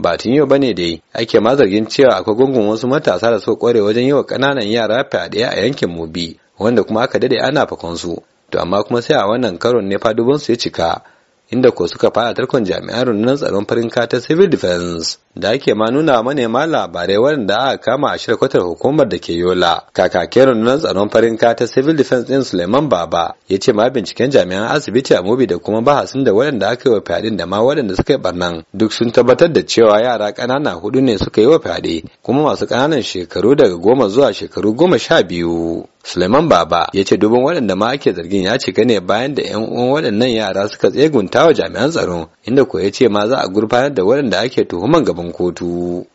ba tun yau ne dai ake ma zargin cewa akwai gungun wasu matasa da suka kware wajen yi wa ƙananan yara fyaɗe a yankin Mubi wanda kuma aka dade ana fakon su to amma kuma sai a wannan karon ne fa su ya cika inda ko suka fara tarkon jami'an rundunar tsaron farin kata civil defense da ake ma nuna manema labarai waɗanda aka kama a kwatar hukumar da ke yola kakakin rundunar tsaron farin kata civil defense din suleiman baba ya ce ma binciken jami'an asibiti a mobi da kuma bahasin da waɗanda aka yi wa fyaɗe da ma waɗanda suka yi barnan duk sun tabbatar da cewa yara ƙanana hudu ne suka yi wa fyaɗe kuma masu ƙananan shekaru daga goma zuwa shekaru goma sha biyu Suleiman Baba ya ce dubin waɗanda ma ake zargin ya cika ne bayan da 'yan uwan waɗannan yara suka tsegunta wa jami'an tsaron inda ko ya ce ma za a gurfanar da waɗanda ake tuhuman gaban kotu.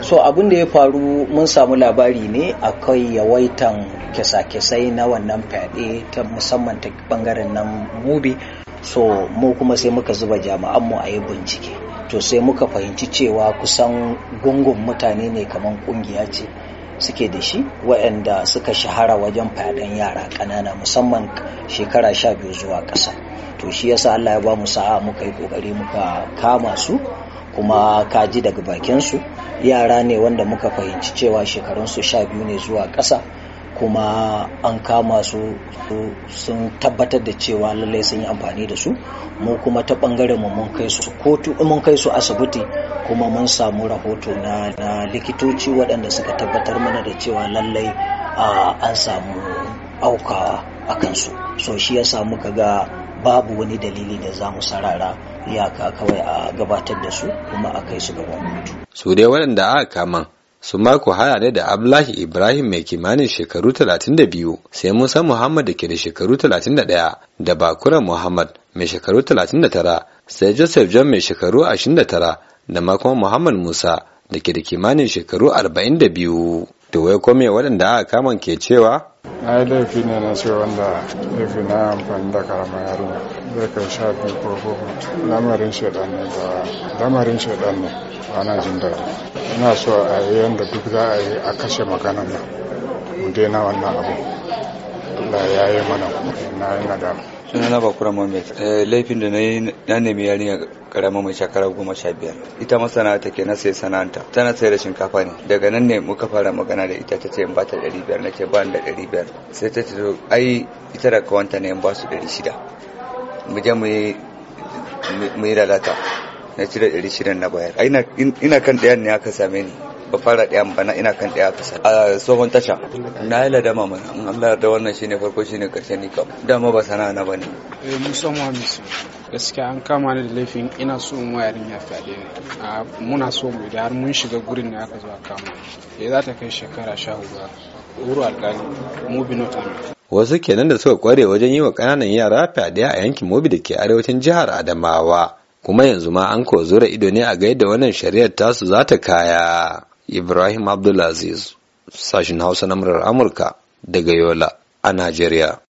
so abin da ya faru mun samu labari ne akwai yawaitan kisa-kisai na wannan fyaɗe ta musamman ta bangaren nan mubi so mu kuma sai muka zuba jama'an mu a yi bincike to sai muka fahimci cewa kusan gungun mutane ne kamar ƙungiya ce suke da shi waɗanda suka shahara wajen fyaɗan yara ƙanana musamman shekara sha biyu zuwa ƙasa to shi yasa Allah ya ba mu sa'a muka yi ƙoƙari muka kama su kuma kaji daga bakin su yara ne wanda muka fahimci cewa shekarunsu sha biyu ne zuwa ƙasa kuma an kama su sun tabbatar da cewa lallai sun yi amfani da su mu kuma ta bangaren mu mun kai su kotu mun kai su asibiti kuma mun samu rahoto na, na likitoci waɗanda suka tabbatar mana da cewa lallai an samu auka a kansu so shi ya samu ga babu wani dalili da za mu sarara iyaka kawai a gabatar da su kuma a kai su gaban mutu. su dai waɗanda aka kama su mako haya ne da Abdullahi Ibrahim mai kimanin shekaru 32 sai Musa Muhammad da ke da shekaru 31 da Bakura Muhammad mai shekaru 39 sai Joseph John mai shekaru 29 da makon Muhammad Musa da ke da kimanin shekaru 42. To wai kome waɗanda aka kaman ke cewa na yi laifi ne na ce wanda laifi na amfani da karama yarinya zai kai sha biyu ko goma lamarin shaidan ne ba lamarin shaidan ne ba na jin daɗi ina so a yi yadda duk za a yi a kashe maganan nan mu daina wannan abu Allah ya yi mana kuma na yi nadama suna na bakura mohamed eh, laifin da na yi na nemi yarinya karama mai shekara goma sha biyar ita ta ke na sai sana'anta tana sayar da shinkafa ne daga nan ne muka fara magana da ita ta ce in bata ɗari biyar na ce ba da ɗari biyar sai ta ce ai ita da kawanta ne in ba su ɗari shida mu je mu yi lalata na cire ɗari shida na bayar ina kan ɗayan ne aka same ni ba fara ɗaya ba na ina kan ɗaya kasa a tsohon tasha na yi ladama mana in Allah da wannan shine farko shine karshe ni kam dama ba sana'a na bane eh Musa Muhammad gaskiya an kama ni da laifin ina so in wayarin ya fade ne a muna so mu da har mun shiga gurin ne aka zo a kama ya eh, za ta kai shekara sha hudu wuro alƙali mu bi wasu kenan da suka kware wajen yi wa ƙananan yara fyaɗe a yankin mobi da ke arewacin jihar adamawa kuma yanzu ma an ko zura ido ne a ga yadda wannan shari'ar tasu za ta kaya Ibrahim Abdulaziz, sashin Hausa na murar Amurka daga Yola a Najeriya.